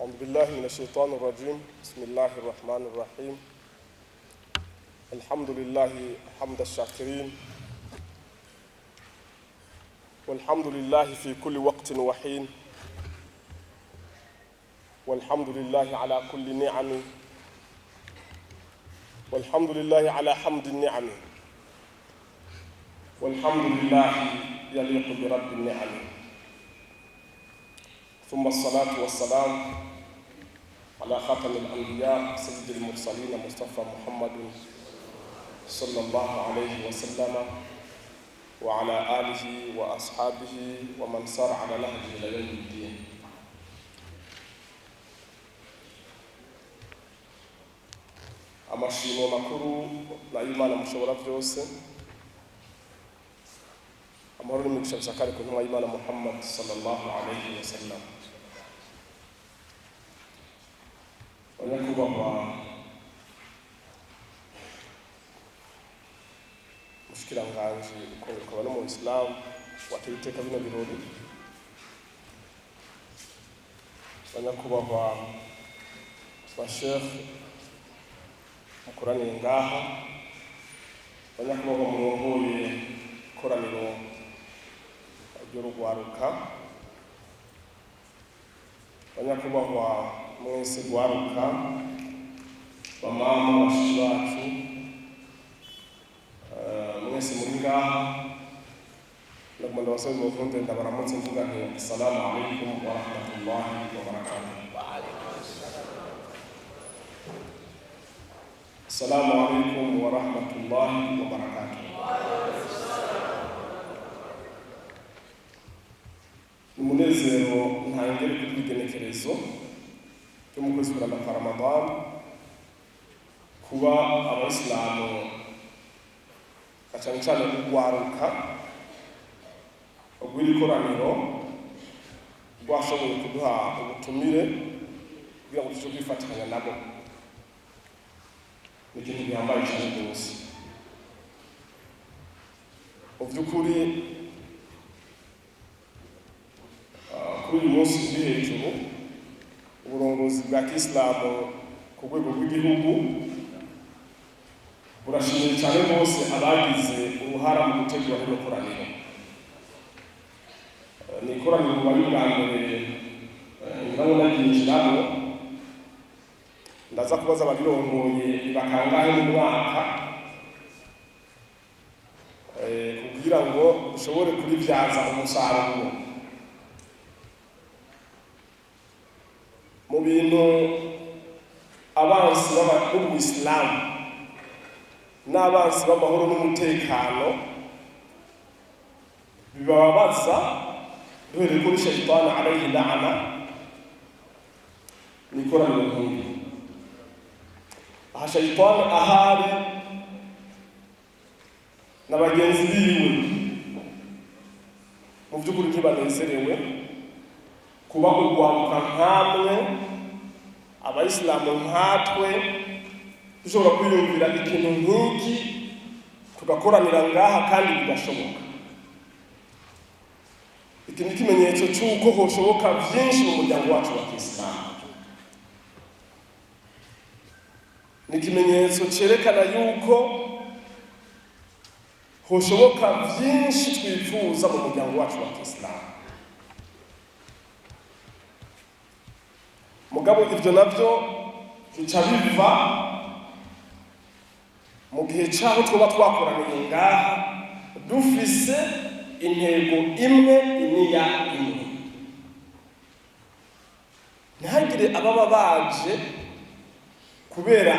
أعوذ بالله من الشيطان الرجيم بسم الله الرحمن الرحيم الحمد لله حمد الشاكرين والحمد لله في كل وقت وحين والحمد لله على كل نعم والحمد لله على حمد النعم والحمد لله يليق برب النعم ثم الصلاة والسلام على خاتم الأنبياء سيد المرسلين مصطفى محمد صلى الله عليه وسلم وعلى آله وأصحابه ومن سار على نهجه إلى يوم الدين أما شيء ما كرو لا إيمان مشورة فيوس أما رأي مكشف سكارك إنه إيمان محمد صلى الله عليه وسلم Mungu Baba mushikiranganji ukongera ukaba n'umuisilamu wateye iteka bino birori banyakubahwa bashekhe mukoraniye ngaha banyakubahwa murongoye ikoraniro ry'urugwaruka banyakubahwa mwese gwaruka bamama bashiki bacu eh, mwese muri ngaha ndagomba ndabasaba muvunde ndabaramutse mvuga nti assalamu alaikum warahmatullahi wabarakatu Assalamu alaikum warahmatullahi wabarakatuh. Umunezero ntangere ku yo mu kwezi kuba abayisilamu cyane cyane rwaruka rw'ikoraniro rwashoboye kuduha ubutumire kugira ngo tujye kwifatanya nabo ni ikintu gihambaye cyane rwose mu by'ukuri ah, kuri uyu munsi uri hejuru ubuyobozi bwa kisilamu ku rwego rw'igihugu burashimira cyane bose abagize uruhara mu gutegura rino koraniro ni ikoraniro mu bari eh, ndabona naryinjiramo ndaza kubaza abarirongoye bakangahe mu mwaka eh, kugira ngo ushobore kuribyaza umusaruro bintu abanzi b'ubuyisilamu n'abanzi b'amahoro n'umutekano bibababaza kubera ko shayitani alayhi la'ana ni nk'iri aha shayitani ahari na bagenzi biwe mu by'ukuri ntibanezerewe kuba urwaruka nk'amwe abayisilamu nkatwe dushobora kwiyumvira ikintu nk'iki tugakoranira ngaha kandi bigashoboka iki ni ikimenyetso cy'uko hoshoboka byinshi mu muryango wacu wa kisilamu ni ikimenyetso cyerekana yuko hoshoboka byinshi twifuza mu muryango wacu wa kisilamu mugabo ibyo nabyo bica biva mu gihe cy'aho twaba twakoraniye ngaha dufise intego imwe iniya imwe ntihagire ababa baje kubera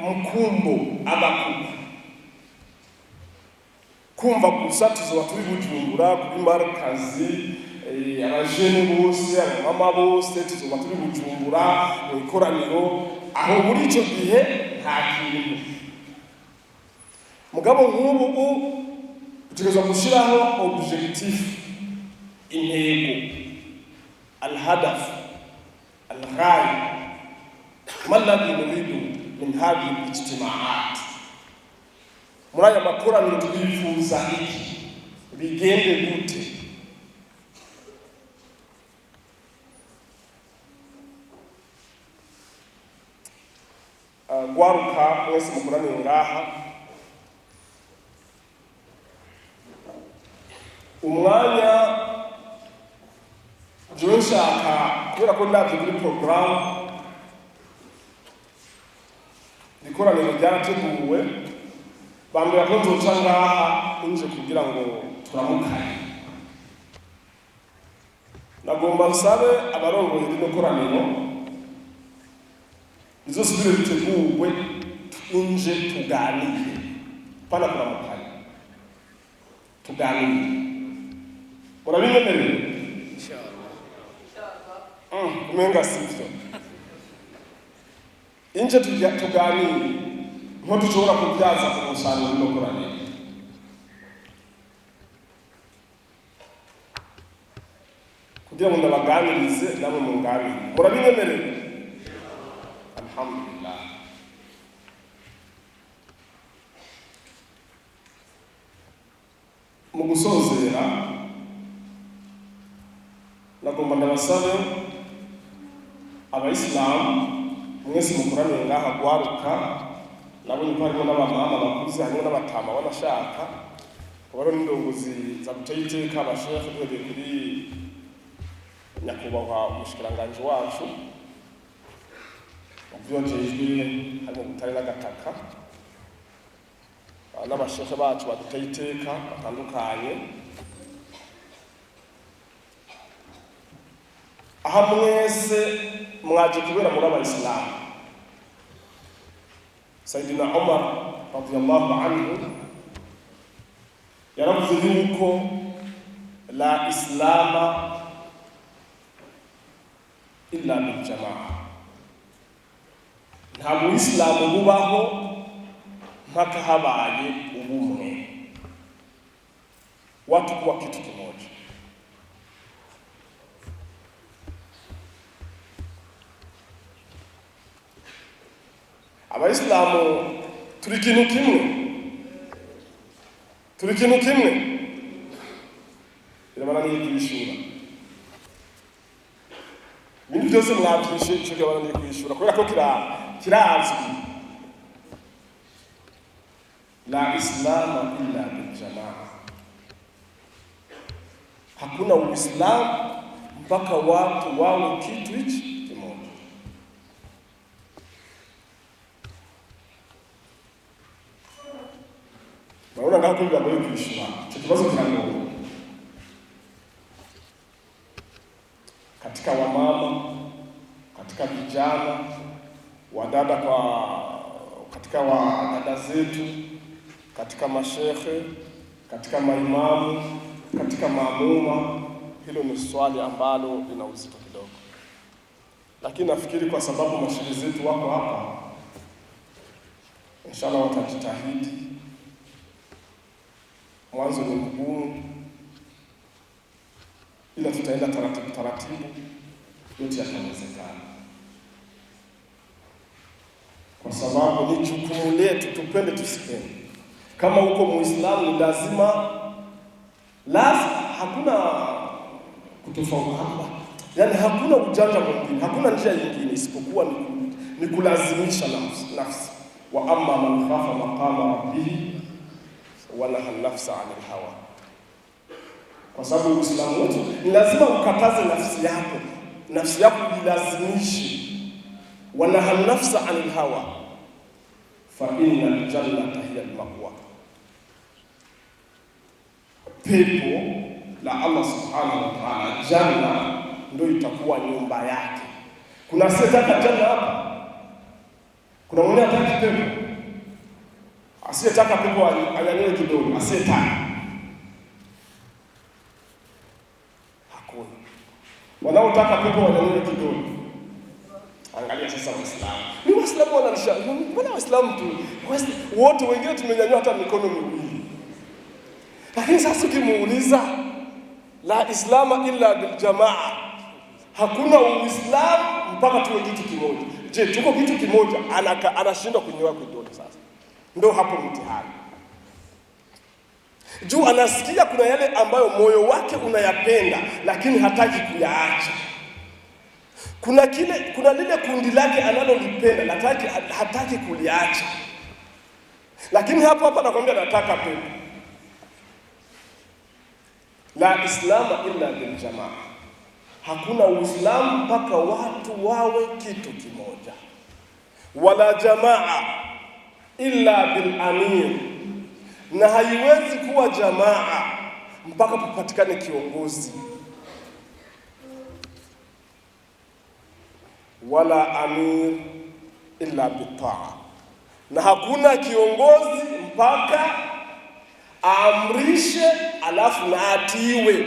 umukumbo abakuba kumva gusa tuzoba turi bujumbura kuri marikazi Eh, abajene bose abamama bose tuzoba turi bujumbura mu ikoraniro aho muri icyo gihe nta kintu mugabo nk'ubu dutegereza gushyiraho objectif intego alhadafu alghaya maladhi nuridu min hadhihi ijtimaat muri aya makoraniro twifuza iki bigende gute gwaruka mwese mukoraniye ngaha umwanya jewe nshaka kubera ko ndavye kuri porogaramu ikoraniro ryarateguwe bambwira ko nzoca ngaha nje kugira ngo turamukane nagomba nsabe abarongoye rino koraniro izo subiri vitunguu nje, tuganire pala, kuna mapali tugalie, unavimemele ah, umenga sivyo inje tuganire nko tushobora kubyaza ku musaruro w'inokoranire kugira ngo ndabaganirize namwe munganire murabimemere Alhamdulillah. mu gusozera nagomba ndabasabe abayisilamu mwese mukoraniye ngaha guharuka nabonye ko harimo n'abamama bakuze harimo n'abatama banashaka kuba ari n'indongozi za buteye iteka bashehe duhereye kuri nyakubahwa umushikiranganji wacu byose ijwi harimo mutariragataka n'abasheshe bacu baduteye iteka batandukanye aha mwese mwaje kubera muri abayisilamu sayidina omar radiallahu anhu yaravuze yuko la islama illa biljamaa nta muyisilamu bubaho mpaka habaye ubumwe, watu kuwa kitu kimoja. Abaisilamu turi kintu kimwe, turi kintu kimwe, birabara birabana n'ibyishura ibintu byose mwabyishyura kubera ko kiranga razmi la islamu illa biljamaa, hakuna Uislamu mpaka watu wawe kitu hichi kimoja. naona ngakuivagoyo kuishima chekibazo kirangoa dada kwa katika dada zetu, katika mashehe, katika maimamu, katika maamuma, hilo ni swali ambalo lina uzito kidogo, lakini nafikiri kwa sababu mashehe zetu wako hapa, inshallah watajitahidi. Mwanzo ni mgumu, ila tutaenda taratibu taratibu, yote yatawezekana kwa sababu ni jukumu letu, tupende tusipende. Kama huko Muislamu ni lazima lazima, hakuna kutofautiana, yaani hakuna ujanja mwingine, hakuna njia nyingine isipokuwa ni kulazimisha nafsi, nafsi. wa amma man khafa maqama rabbihi wa nafsa anil hawa, kwa sababu Uislamu wetu ni lazima ukataze nafsi yako, nafsi yako ilazimishi wa naha nafsa anil hawa fa inna aljannata hiya alma'wa, pepo la Allah subhanahu wa ta'ala, janna ndio itakuwa nyumba yake. Kuna asiyetaka janna hapa? Kuna mwenye ataki pepo? Asiyetaka pepo anyanyue kidogo, asiyetaka hakuna. Wanaotaka pepo wanyanyue kidogo Angalia sasa Waislamu. Ni Waislamu wananisha. Mbona Waislamu tu? Wote wengine tumenyanyua hata mikono miwili. Lakini sasa ukimuuliza la islama illa bil jamaa. Hakuna Uislamu mpaka tuwe kitu kimoja. Je, tuko kitu kimoja? Anashindwa kunyoa kidole sasa. Ndio hapo mtihani. Juu anasikia kuna yale ambayo moyo wake unayapenda lakini hataki kuyaacha. Kuna kile kuna lile kundi lake analolipenda, hataki hataki kuliacha, lakini hapo hapa anakwambia nataka pepo. La islama illa bil jamaa, hakuna Uislamu mpaka watu wawe kitu kimoja. Wala jamaa illa bil amir, na haiwezi kuwa jamaa mpaka papatikane kiongozi wala amir illa bitaa, na hakuna kiongozi mpaka aamrishe alafu na atiiwe.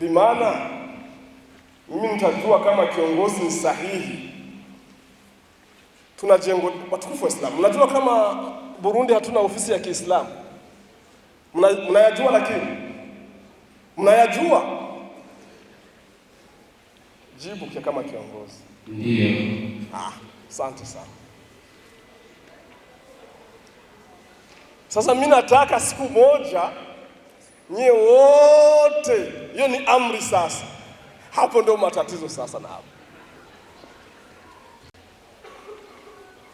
Bimaana mimi nitajua kama kiongozi ni sahihi. Tunajengo watukufu wa Islamu, najua kama Burundi hatuna ofisi ya Kiislamu mnayajua, lakini mnayajua. Jibu kia kama kiongozi. Ndio. Ah, asante sana. Sasa mimi nataka siku moja nyie wote, hiyo ni amri. Sasa hapo ndio matatizo sasa, na hapo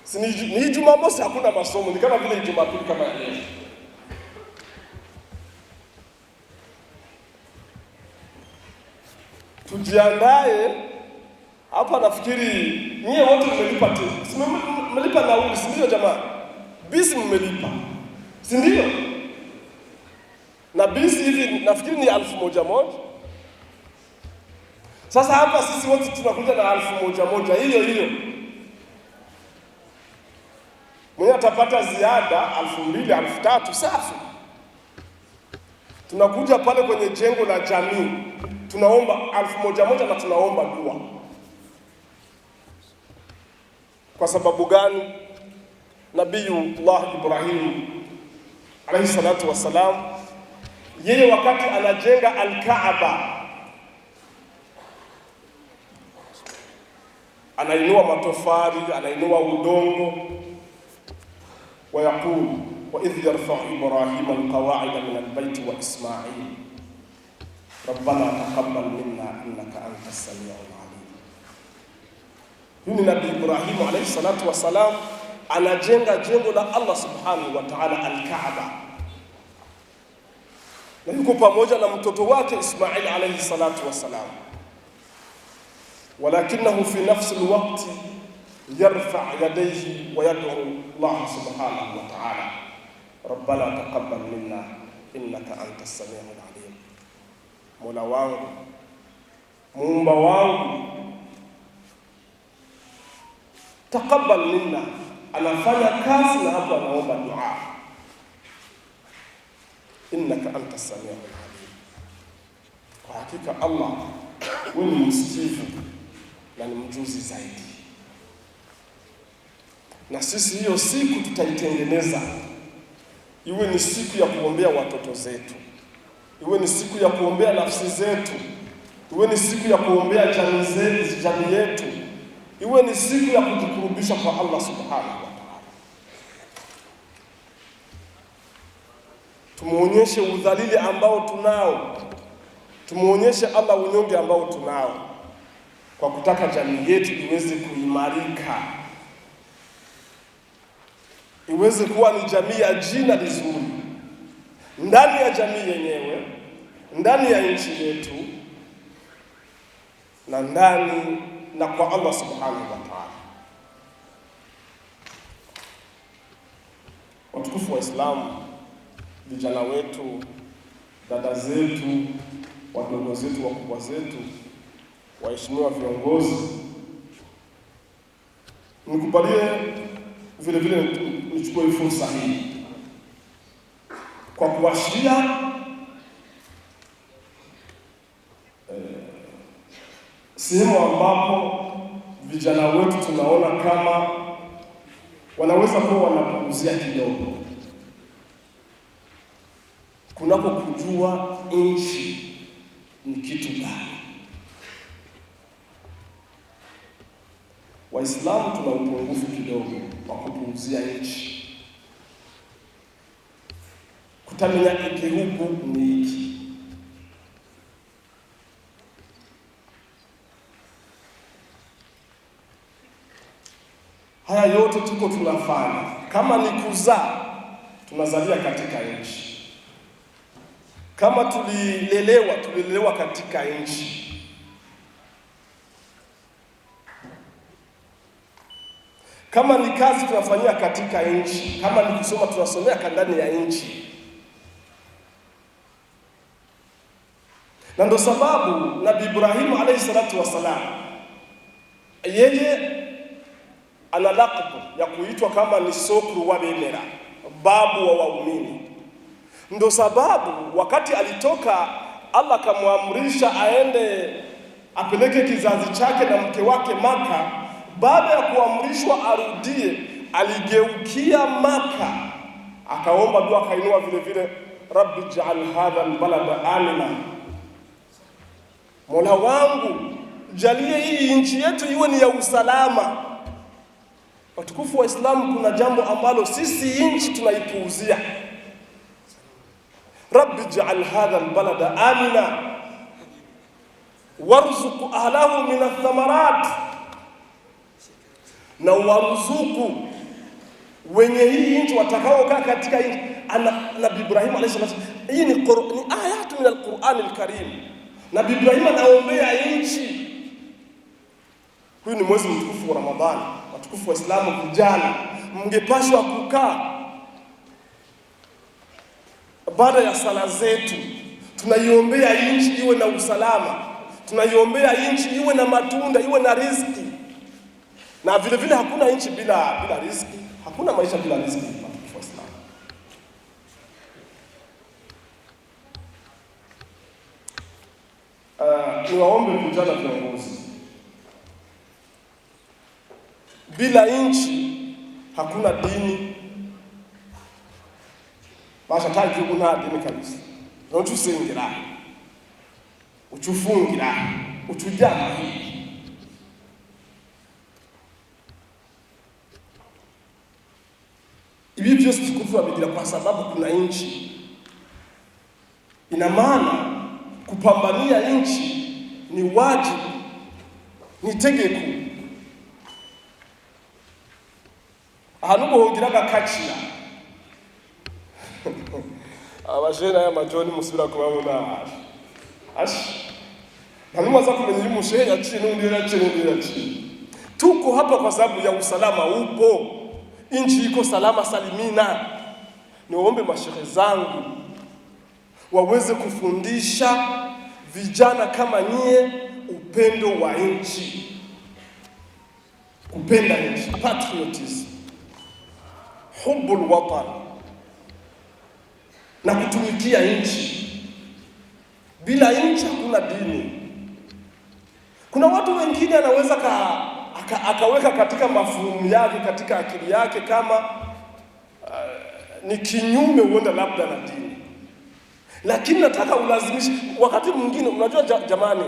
si ni Jumamosi, hakuna masomo, ni kama vile Jumapili kama leo. tujiandae hapa. Nafikiri nyie wote mmelipa tu, mmelipa nauli, si ndio? Jamaa bisi mmelipa, si ndio? Na bisi hivi nafikiri ni alfu moja moja. Sasa hapa sisi wote tunakuja na alfu moja moja hiyo hiyo, mwenye atapata ziada alfu mbili alfu tatu safi. Tunakuja pale kwenye jengo la jamii tunaomba alfu moja moja na tunaomba dua. Kwa sababu gani? Nabiyullah Ibrahim alaihi salatu wassalam, yeye wakati anajenga Alkaaba anainua matofali, anainua udongo, wa idh yarfau Ibrahima alqawaida min albaiti wa Ismail ربنا تقبل منا انك انت السميع العليم yuni nabii ibrahimu alaihi salatu wassalam anajenga jengo la allah subhanahu wa taala alkaaba na yuko pamoja na mtoto wake ismail alaihi salatu wassalam walakinahu fi nafsi lwakti yarfa yadaihi wayaduu llah subhanahu wa taala rabbana taqabal minna innaka anta samiu Mola wangu muumba wangu, takabal minna. Anafanya kazi na hapo anaomba dua, innaka anta samiu alim. Kwa hakika Allah wewe ni msikivu na ni mjuzi zaidi. Na sisi hiyo siku tutaitengeneza iwe ni siku ya kuombea watoto zetu iwe ni siku ya kuombea nafsi zetu, iwe ni siku ya kuombea jamii zetu, jamii yetu, iwe ni siku ya kujikurubisha kwa Allah subhanahu wa ta'ala. Tumuonyeshe udhalili ambao tunao, tumuonyeshe Allah unyonge ambao tunao, kwa kutaka jamii yetu iweze kuimarika, iweze kuwa ni jamii ya jina lizuri ndani ya jamii yenyewe ndani ya nchi yetu na ndani na kwa Allah subhanahu wa ta'ala. Watukufu wa Islam, vijana wetu, dada zetu, wadogo zetu, wakubwa zetu, waheshimiwa viongozi, nikubalie vile vile nichukue fursa hii kwa kuashiria sehemu ambapo vijana wetu tunaona kama wanaweza kuwa wanapunguzia kidogo kunako kujua nchi ni kitu gani. Waislamu tuna upungufu kidogo wa kupunguzia nchi, kutamenya iki huku ni iki yote tuko tunafanya, kama ni kuzaa, tunazalia katika nchi. Kama tulilelewa, tulilelewa katika nchi. Kama ni kazi, tunafanyia katika nchi. Kama ni kusoma, tunasomea ndani ya nchi. Na ndo sababu Nabii Ibrahimu alayhi salatu wassalam yeye ana lakabu ya kuitwa kama ni sokuru wa bemera, babu wa waumini. Ndo sababu wakati alitoka Allah akamwamrisha aende apeleke kizazi chake na mke wake Maka. Baada ya kuamrishwa arudie, aligeukia Maka akaomba dua, akainua vile vile, rabbi jaal hadha albalada amina, mola wangu jalie hii nchi yetu iwe ni ya usalama Watukufu wa Islamu, kuna jambo ambalo sisi nchi tunaipuuzia. Rabbi jaal hadha lbalada amina warzuq ahlahu min athamarat, na warzuku wenye hii nchi watakaokaa katika nchi. Nabii Ibrahim alayhi salam, hii ni ayatu min alqurani alkarim. Nabii Ibrahim anaombea nchi. Huyu ni mwezi mtukufu wa Ramadhani watukufu wa Islamu, vijana mngepashwa kukaa baada ya sala zetu, tunaiombea nchi iwe na usalama, tunaiombea nchi iwe na matunda, iwe na riziki, na vile vile hakuna nchi bila bila riziki, hakuna maisha bila riziki. Ah, niwaombe vijana viongozi Bila nchi hakuna dini, bashatagi kuna dini kabisa nochusengera uchufungira uchujana ibi vyose tukuvuga bigira kwa sababu kuna nchi. Ina maana kupambania nchi ni wajibu, ni tegeko ahantu umuhungira agakacira jena ya majoni musubira kubabona hafi ashi nta mtu aza kumenya chini mushehe ya chini yaciye ya chini Tuko hapa kwa sababu ya usalama upo, nchi iko salama salimina. Niwaombe mashehe zangu waweze kufundisha vijana kama nyie upendo wa nchi, kupenda nchi, patriotism hubbul watan, na kutumikia nchi. Bila nchi hakuna dini. Kuna watu wengine anaweza ka, aka, akaweka katika mafumu yake katika akili yake kama uh, ni kinyume huenda labda na dini, lakini nataka ulazimishe. Wakati mwingine unajua jamani,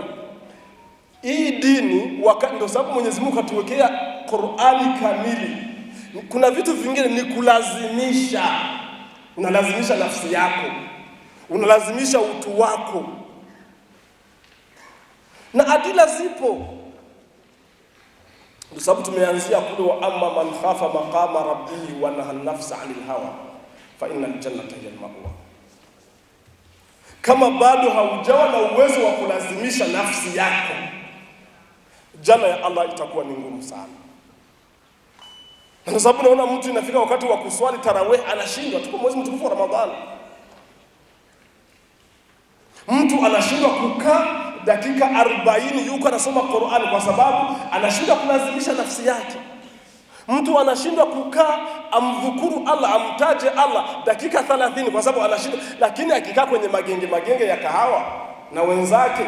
hii dini ndio sababu Mwenyezi Mungu katuwekea Qur'ani kamili kuna vitu vingine ni kulazimisha, unalazimisha nafsi yako, unalazimisha utu wako, na adila zipo ndio sababu tumeanzia kule, wa amma man khafa maqama rabbihi wa naha nafsa anil hawa fa inna aljannata hiya almawa. Kama bado haujawa na uwezo wa kulazimisha nafsi yako, jana ya Allah itakuwa ni ngumu sana. Na kwa sababu naona mtu inafika wakati wa kuswali tarawih anashindwa, tuko mwezi mtukufu wa Ramadhani. Mtu anashindwa kukaa dakika 40 yuko anasoma Qur'ani kwa sababu anashindwa kulazimisha nafsi yake. Mtu anashindwa kukaa amdhukuru Allah, amtaje Allah dakika 30 kwa sababu anashindwa, lakini akikaa kwenye magenge magenge ya kahawa na wenzake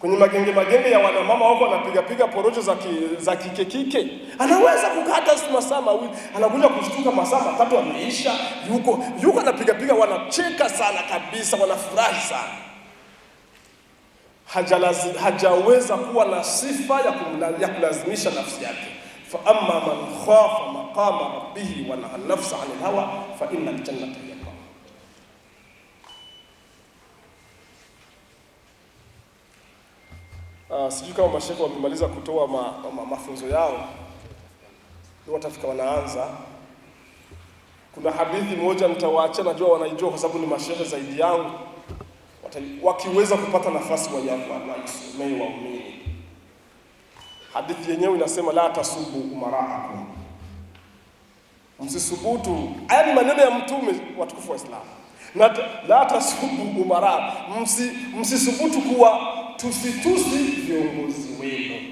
kwenye magenge magenge ya wanamama wako piga porojo za, ki, za kike kike, anaweza kukata masaa mawili, anakuja kushtuka masaa matatu ameisha, yuko yuko anapigapiga, wanacheka sana kabisa, wanafurahi sana. Hajalazi, hajaweza kuwa na sifa ya, kumla, ya kulazimisha nafsi yake. fa amma man khafa maqama rabbihi wa nahaa nafsa anil hawa fa inna aljannata Uh, sijui kama mashehe wamemaliza kutoa ma, ma, mafunzo yao, watafika wanaanza. Kuna hadithi moja nitawaacha, najua wanaijua kwa sababu ni mashehe zaidi yangu, wakiweza kupata nafasi waisomee waumini. Hadithi yenyewe inasema la tasubu umaraakum, msisubutu. Haya ni maneno ya Mtume watukufu wa Islam. La tasubu umara, msisubutu kuwa tusitusi viongozi wenu.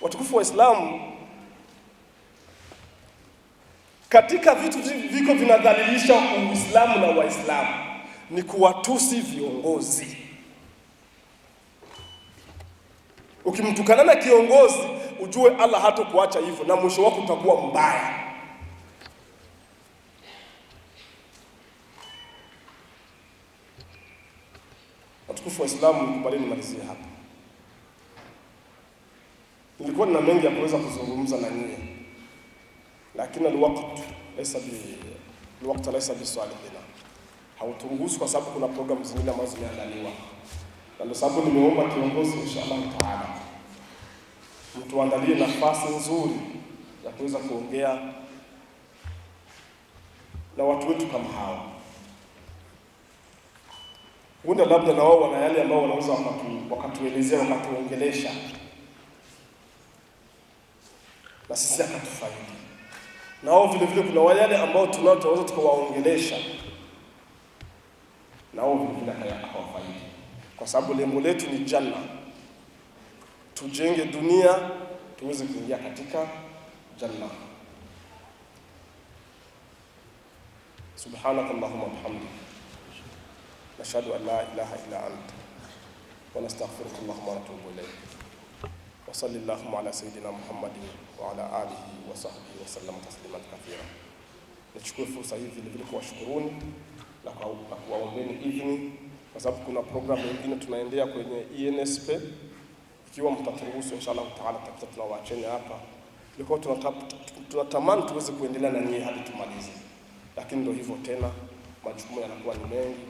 Watukufu wa Islamu, katika vitu viko vinadhalilisha Uislamu na Waislamu ni kuwatusi viongozi. Ukimtukana na kiongozi, ujue Allah hatokuacha hivyo, na mwisho wako utakuwa mbaya. watukufu wa Islamu, kubali nimalizie hapa. Nilikuwa nina mengi ya kuweza kuzungumza na nyie, lakini alwaqtu laisa bi alwaqtu laisa bi salihina, hautungusi kwa sababu kuna programu zingine ambazo zimeandaliwa, na ndio sababu nimeomba kiongozi, inshallah taala, mtuandalie nafasi nzuri ya kuweza kuongea na watu wetu kama hawa huenda labda na wao wana yale ambao wanaweza wakatuelezea wakatuongelesha na sisi akatufaidi na wao vile vile, kuna wale ambao tunao tunaweza tukawaongelesha na wao vile vile hawafaidi, kwa sababu lengo letu ni janna, tujenge dunia tuweze kuingia katika janna. Subhanakallahumma bihamdika nashhadu an la ilaha illa anta wa nastaghfiruka allahumma natubu ilayk wa salli allahumma ala sayidina Muhammadin wa ala alihi wa sahbihi wa sallam tasliman kathira. Nichukue fursa hii vile vile kuwashukuruni na kuwaombeni idhini kwa sababu kuna programu nyingine tunaendea kwenye ENSP, ikiwa mtaturuhusu inshallah taala, tutakuwa tunawaacheni hapa. Ilikuwa tunatamani tuweze kuendelea na nyinyi hadi tumalize, lakini ndio hivyo tena, majukumu yanakuwa ni mengi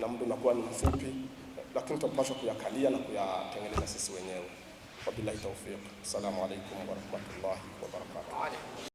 na muda unakuwa ni mfupi, lakini tutapaswa kuyakalia na kuyatengeneza sisi wenyewe. Wabillahi tawfiq. Assalamu alaykum wa rahmatullahi wa barakatuh.